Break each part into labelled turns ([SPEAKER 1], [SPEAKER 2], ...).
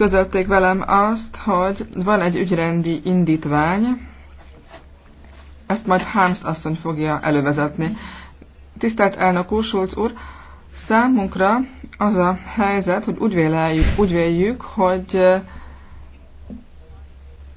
[SPEAKER 1] közölték velem azt, hogy van egy ügyrendi indítvány, ezt majd Harms asszony fogja elővezetni. Tisztelt elnök úr, Schulz úr, számunkra az a helyzet, hogy úgy véljük, úgy véljük hogy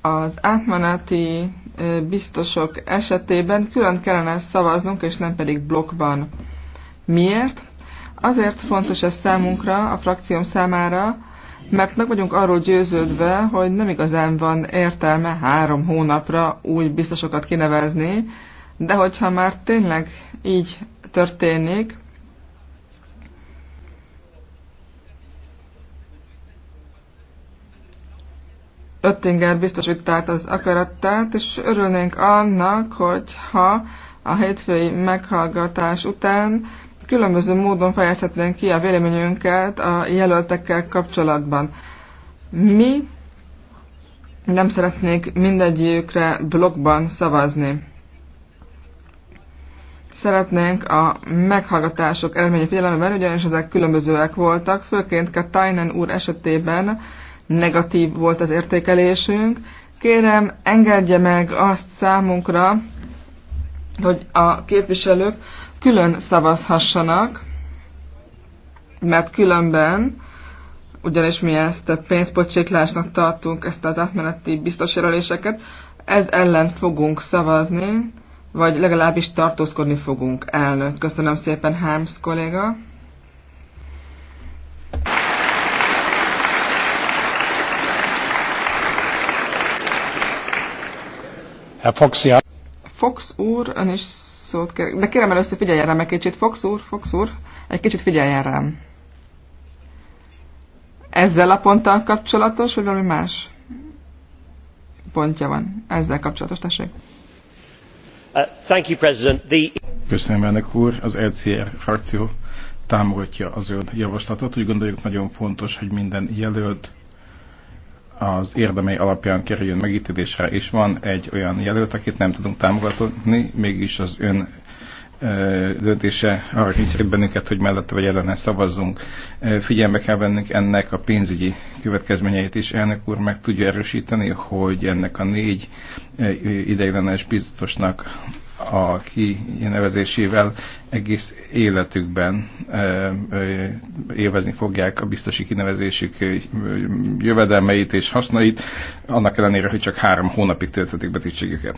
[SPEAKER 1] az átmeneti biztosok esetében külön kellene szavaznunk, és nem pedig blokkban. Miért? Azért fontos ez számunkra, a frakcióm számára, mert meg vagyunk arról győződve, hogy nem igazán van értelme három hónapra új biztosokat kinevezni, de hogyha már tényleg így történik, Öttinger biztos át az akarattát, és örülnénk annak, hogyha a hétfői meghallgatás után különböző módon fejezhetnénk ki a véleményünket a jelöltekkel kapcsolatban. Mi nem szeretnék mindegyikre blogban szavazni. Szeretnénk a meghallgatások eredményi figyelemben, ugyanis ezek különbözőek voltak, főként Katainen úr esetében negatív volt az értékelésünk. Kérem, engedje meg azt számunkra, hogy a képviselők külön szavazhassanak, mert különben, ugyanis mi ezt pénzpocséklásnak tartunk, ezt az átmeneti biztosjelöléseket, ez ellen fogunk szavazni, vagy legalábbis tartózkodni fogunk, elnök. Köszönöm szépen, Harms kolléga. Herr Fox, ja. Fox úr, ön is szót kér. De kérem először figyeljen rám egy kicsit. Fox úr, Fox úr, egy kicsit figyeljen rám. Ezzel a ponttal kapcsolatos, vagy valami más pontja van? Ezzel kapcsolatos, tessék.
[SPEAKER 2] Uh, thank you, President. The... Köszönöm, elnök úr. Az LCR e frakció támogatja az ön javaslatot. Úgy gondoljuk nagyon fontos, hogy minden jelölt az érdemei alapján kerüljön megítélésre, és van egy olyan jelölt, akit nem tudunk támogatni, mégis az ön döntése arra kényszerít bennünket, hogy mellette vagy ellene szavazzunk. Figyelme kell vennünk ennek a pénzügyi következményeit is. Elnök úr meg tudja erősíteni, hogy ennek a négy ideiglenes biztosnak a kinevezésével egész életükben élvezni fogják a biztosi kinevezésük jövedelmeit és hasznait, annak ellenére, hogy csak három hónapig töltötik betegségüket.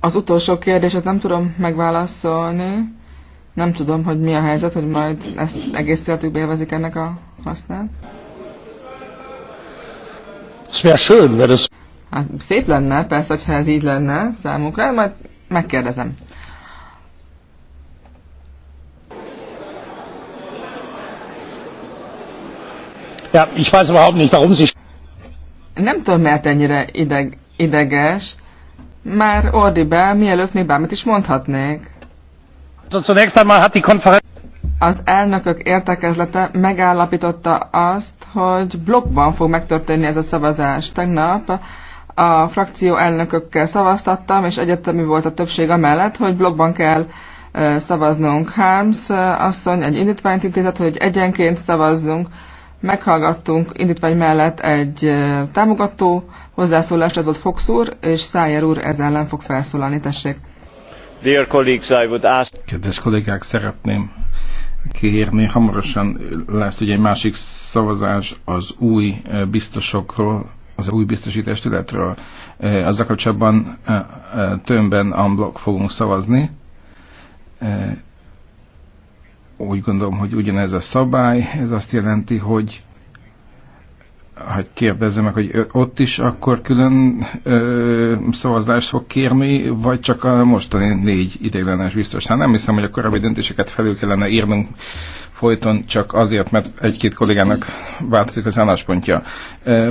[SPEAKER 1] Az utolsó kérdéset nem tudom megválaszolni. Nem tudom, hogy mi a helyzet, hogy majd ezt egész életükbe élvezik ennek a hasznát. Schön, Hát szép lenne, persze, hogyha ez így lenne számukra, majd megkérdezem. Ja, ich weiß überhaupt nicht, warum Sie... Nem tudom, miért ennyire ideg, ideges. Már be, mielőtt még bármit is mondhatnék. So, zunächst einmal hat die Konferenz... Az elnökök értekezlete megállapította azt, hogy blokkban fog megtörténni ez a szavazás. Tegnap a frakció elnökökkel szavaztattam, és egyetemi volt a többség amellett, hogy blokkban kell szavaznunk. Harms asszony egy indítványt intézett, hogy egyenként szavazzunk meghallgattunk indítvány mellett egy támogató hozzászólást, ez volt Fox úr, és Szájer úr ez ellen fog felszólalni, tessék.
[SPEAKER 2] Dear colleagues, I would ask... Kedves kollégák, szeretném kérni, hamarosan lesz ugye egy másik szavazás az új biztosokról, az új biztosítástületről. Azzal kapcsolatban tömbben unblock fogunk szavazni úgy gondolom, hogy ugyanez a szabály, ez azt jelenti, hogy hogy kérdezzem meg, hogy ott is akkor külön ö, szavazást fog kérni, vagy csak a mostani négy ideiglenes biztos. Hát nem hiszem, hogy a korábbi döntéseket felül kellene írnunk folyton csak azért, mert egy-két kollégának változik az álláspontja.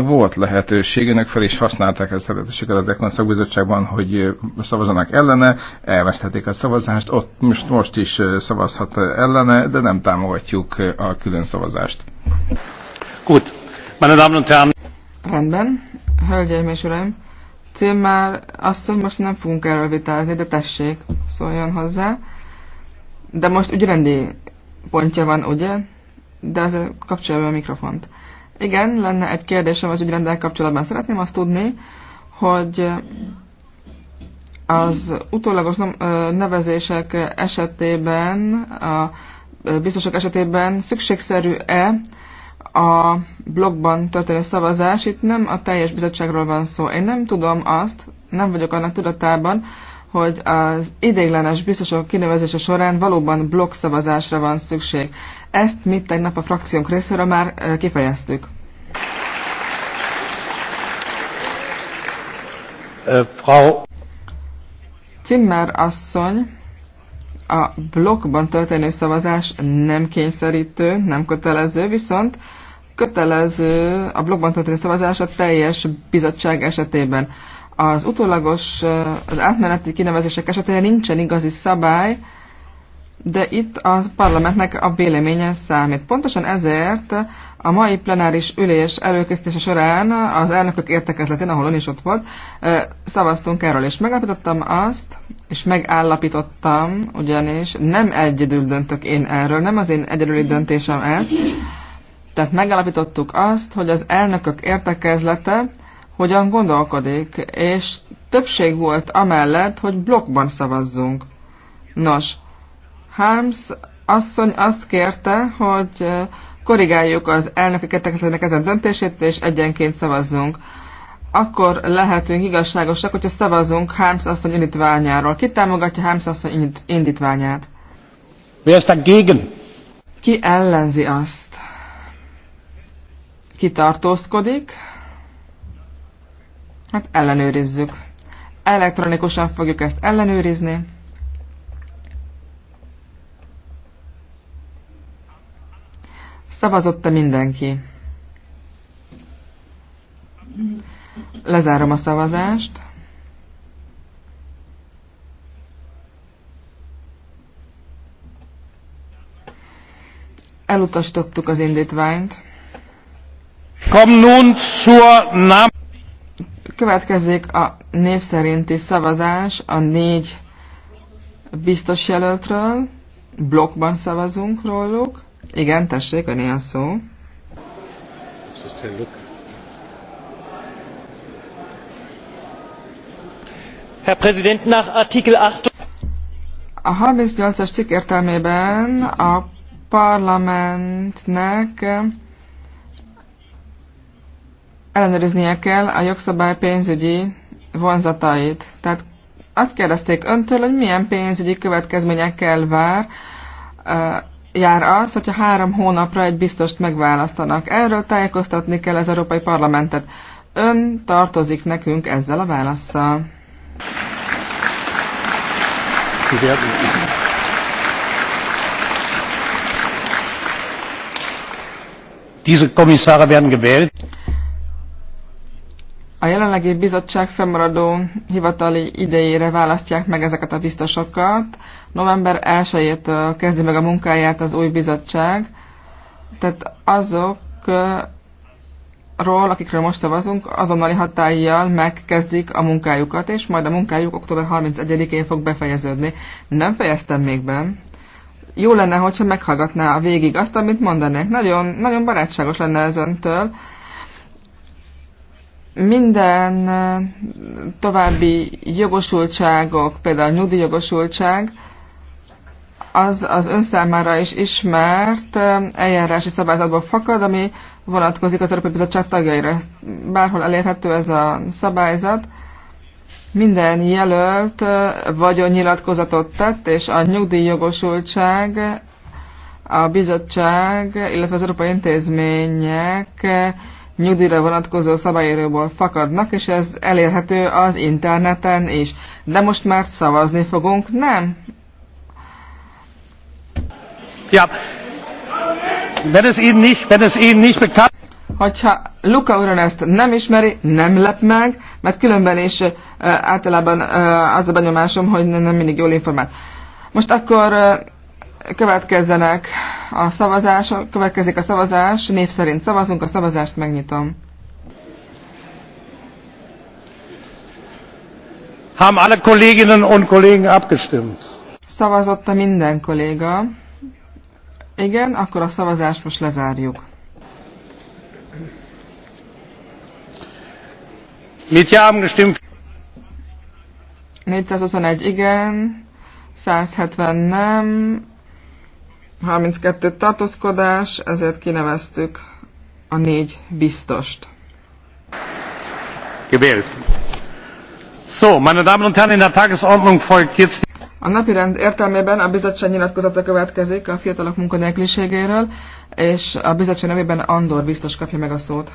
[SPEAKER 2] Volt lehetőség, önök fel is használták ezt a lehetőséget az Ekon szakbizottságban, hogy szavazanak ellene, elvesztették a szavazást, ott most, most is szavazhat ellene, de nem támogatjuk a külön szavazást. Gut, Meine Damen und Herren.
[SPEAKER 1] Rendben. Hölgyeim és Uraim, cím már azt, hogy most nem fogunk erről vitázni, de tessék, szóljon hozzá. De most ügyrendi pontja van, ugye? De az kapcsolja be a mikrofont. Igen, lenne egy kérdésem az ügyrendel kapcsolatban. Szeretném azt tudni, hogy az utólagos nevezések esetében, a biztosok esetében szükségszerű-e a blogban történő szavazás, itt nem a teljes bizottságról van szó. Én nem tudom azt, nem vagyok annak tudatában, hogy az ideiglenes biztosok kinevezése során valóban blokkszavazásra van szükség. Ezt mi tegnap a frakciónk részéről már kifejeztük. Frau Zimmer asszony, a blokkban történő szavazás nem kényszerítő, nem kötelező, viszont kötelező a blogban történő szavazás a teljes bizottság esetében. Az utólagos, az átmeneti kinevezések esetére nincsen igazi szabály, de itt a parlamentnek a véleménye számít. Pontosan ezért a mai plenáris ülés előkészítése során az elnökök értekezletén, ahol ön is ott volt, szavaztunk erről, és megállapítottam azt, és megállapítottam, ugyanis nem egyedül döntök én erről, nem az én egyedüli döntésem ez, tehát megállapítottuk azt, hogy az elnökök értekezlete hogyan gondolkodik, és többség volt amellett, hogy blokkban szavazzunk. Nos, Harms asszony azt kérte, hogy eh, korrigáljuk az elnökök értekezletének ezen döntését, és egyenként szavazzunk. Akkor lehetünk igazságosak, hogyha szavazunk Harms asszony indítványáról. Ki támogatja Harms asszony indítványát? Ki ellenzi azt? kitartózkodik. Hát ellenőrizzük. Elektronikusan fogjuk ezt ellenőrizni. Szavazott-e mindenki? Lezárom a szavazást. Elutasítottuk az indítványt. Következik a név szerinti szavazás a négy biztos jelöltről. Blokkban szavazunk róluk. Igen, tessék, a néha szó. Herr Präsident, nach Artikel 8. A 38-as cikk értelmében a parlamentnek ellenőriznie kell a jogszabály pénzügyi vonzatait. Tehát azt kérdezték öntől, hogy milyen pénzügyi következményekkel vár, jár az, hogyha három hónapra egy biztost megválasztanak. Erről tájékoztatni kell az Európai Parlamentet. Ön tartozik nekünk ezzel a válaszsal.
[SPEAKER 2] Diese Kommissare werden gewählt.
[SPEAKER 1] A jelenlegi bizottság fennmaradó hivatali idejére választják meg ezeket a biztosokat. November 1-től kezdi meg a munkáját az új bizottság. Tehát azokról, akikről most szavazunk, azonnali hatállyal megkezdik a munkájukat, és majd a munkájuk október 31-én fog befejeződni. Nem fejeztem még be. Jó lenne, hogyha meghallgatná a végig azt, amit mondanék. Nagyon, nagyon barátságos lenne ez öntől minden további jogosultságok, például a nyugdíjjogosultság, az az ön számára is ismert eljárási szabályzatból fakad, ami vonatkozik az Európai Bizottság tagjaira. Bárhol elérhető ez a szabályzat. Minden jelölt vagyonnyilatkozatot tett, és a nyugdíjjogosultság a bizottság, illetve az európai intézmények nyugdíjra vonatkozó szabályéről fakadnak, és ez elérhető az interneten is. De most már szavazni fogunk, nem? Ja. Wenn es Ihnen nicht, wenn es Ihnen nicht bekannt... Hogyha Luca uron ezt nem ismeri, nem lep meg, mert különben is általában az a benyomásom, hogy nem mindig jól informált. Most akkor következzenek a szavazások, következik a szavazás, név szerint szavazunk, a szavazást megnyitom.
[SPEAKER 2] Haben alle Kolleginnen und Kollegen abgestimmt?
[SPEAKER 1] Szavazott minden kolléga. Igen, akkor a szavazást most lezárjuk. Mit ja haben gestimmt? 421 igen, 170 nem, 32 tartózkodás, ezért kineveztük a négy biztost.
[SPEAKER 2] Gewählt. So, meine Damen und Herren, in der Tagesordnung folgt jetzt...
[SPEAKER 1] A napirend értelmében a bizottság nyilatkozata következik a fiatalok munkanélküliségéről, és a bizottság nevében Andor biztos kapja meg a szót.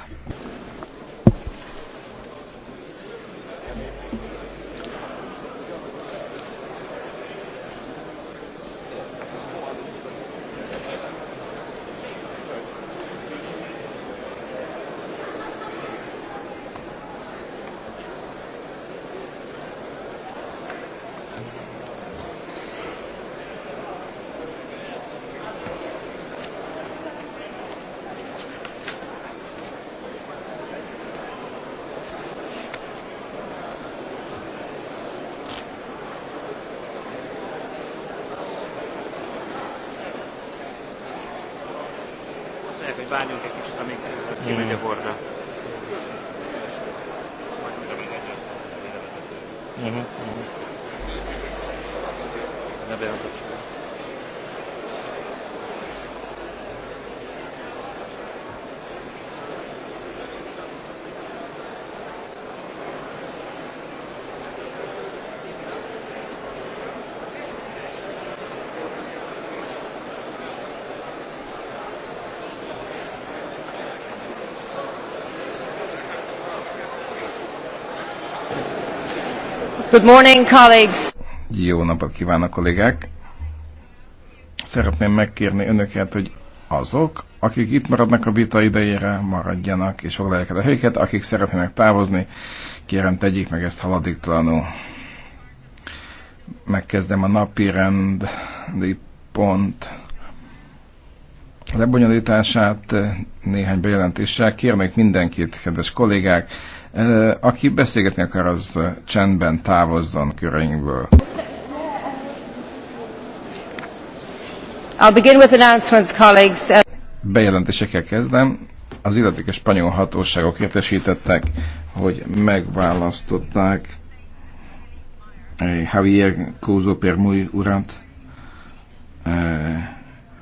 [SPEAKER 2] várjunk egy kicsit, amíg kimegy a borda. Uh-huh,
[SPEAKER 1] uh-huh. Ne bejelentetjük.
[SPEAKER 2] Good morning, colleagues. Jó napot kívánok, kollégák! Szeretném megkérni önöket, hogy azok, akik itt maradnak a vita idejére, maradjanak és foglalják el a helyüket, akik szeretnének távozni, kérem tegyék meg ezt haladéktalanul. Megkezdem a napi rendi pont lebonyolítását néhány bejelentéssel. Kérnék mindenkit, kedves kollégák, aki beszélgetni akar, az csendben távozzon köreinkből.
[SPEAKER 1] I'll begin with announcements, colleagues. Uh,
[SPEAKER 2] Bejelentésekkel kezdem. Az illetékes spanyol hatóságok értesítettek, hogy megválasztották eh, Javier Couso Permuy urat eh,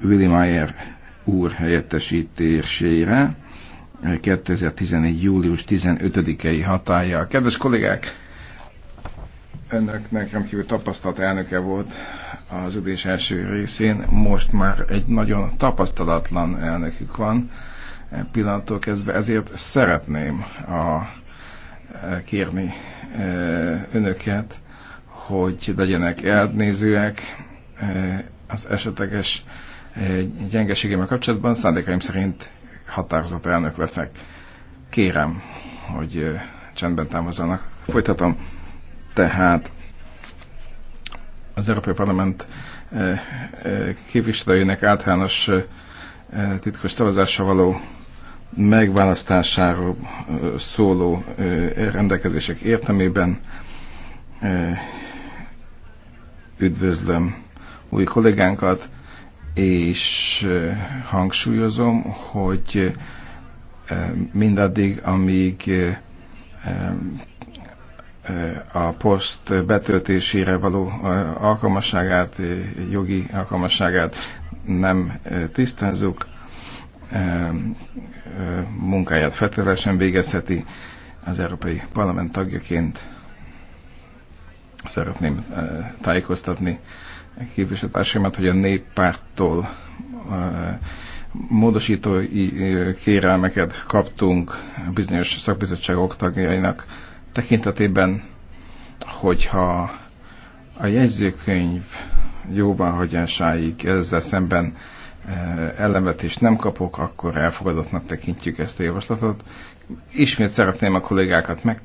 [SPEAKER 2] Willy Mayer úr helyettesítésére. 2014. július 15-i hatája. Kedves kollégák, önök nekem kívül tapasztalt elnöke volt az ülés első részén, most már egy nagyon tapasztalatlan elnökük van e pillanattól kezdve, ezért szeretném a, e, kérni e, önöket, hogy legyenek elnézőek az esetleges gyengeségemmel kapcsolatban, szándékaim szerint határozott elnök leszek. Kérem, hogy csendben távozzanak. Folytatom. Tehát az Európai Parlament képviselőjének általános titkos szavazásra való megválasztásáról szóló rendelkezések értelmében üdvözlöm új kollégánkat, és hangsúlyozom, hogy mindaddig, amíg a poszt betöltésére való alkalmasságát, jogi alkalmasságát nem tisztázzuk, munkáját feltételesen végezheti az Európai Parlament tagjaként Szeretném eh, tájékoztatni képviselőtársaimat, hogy a néppárttól eh, módosítói eh, kérelmeket kaptunk bizonyos szakbizottságok tagjainak tekintetében, hogyha a jegyzőkönyv jóváhagyásáig ezzel szemben ellenvetést nem kapok, akkor elfogadottnak tekintjük ezt a javaslatot. Ismét szeretném a kollégákat meg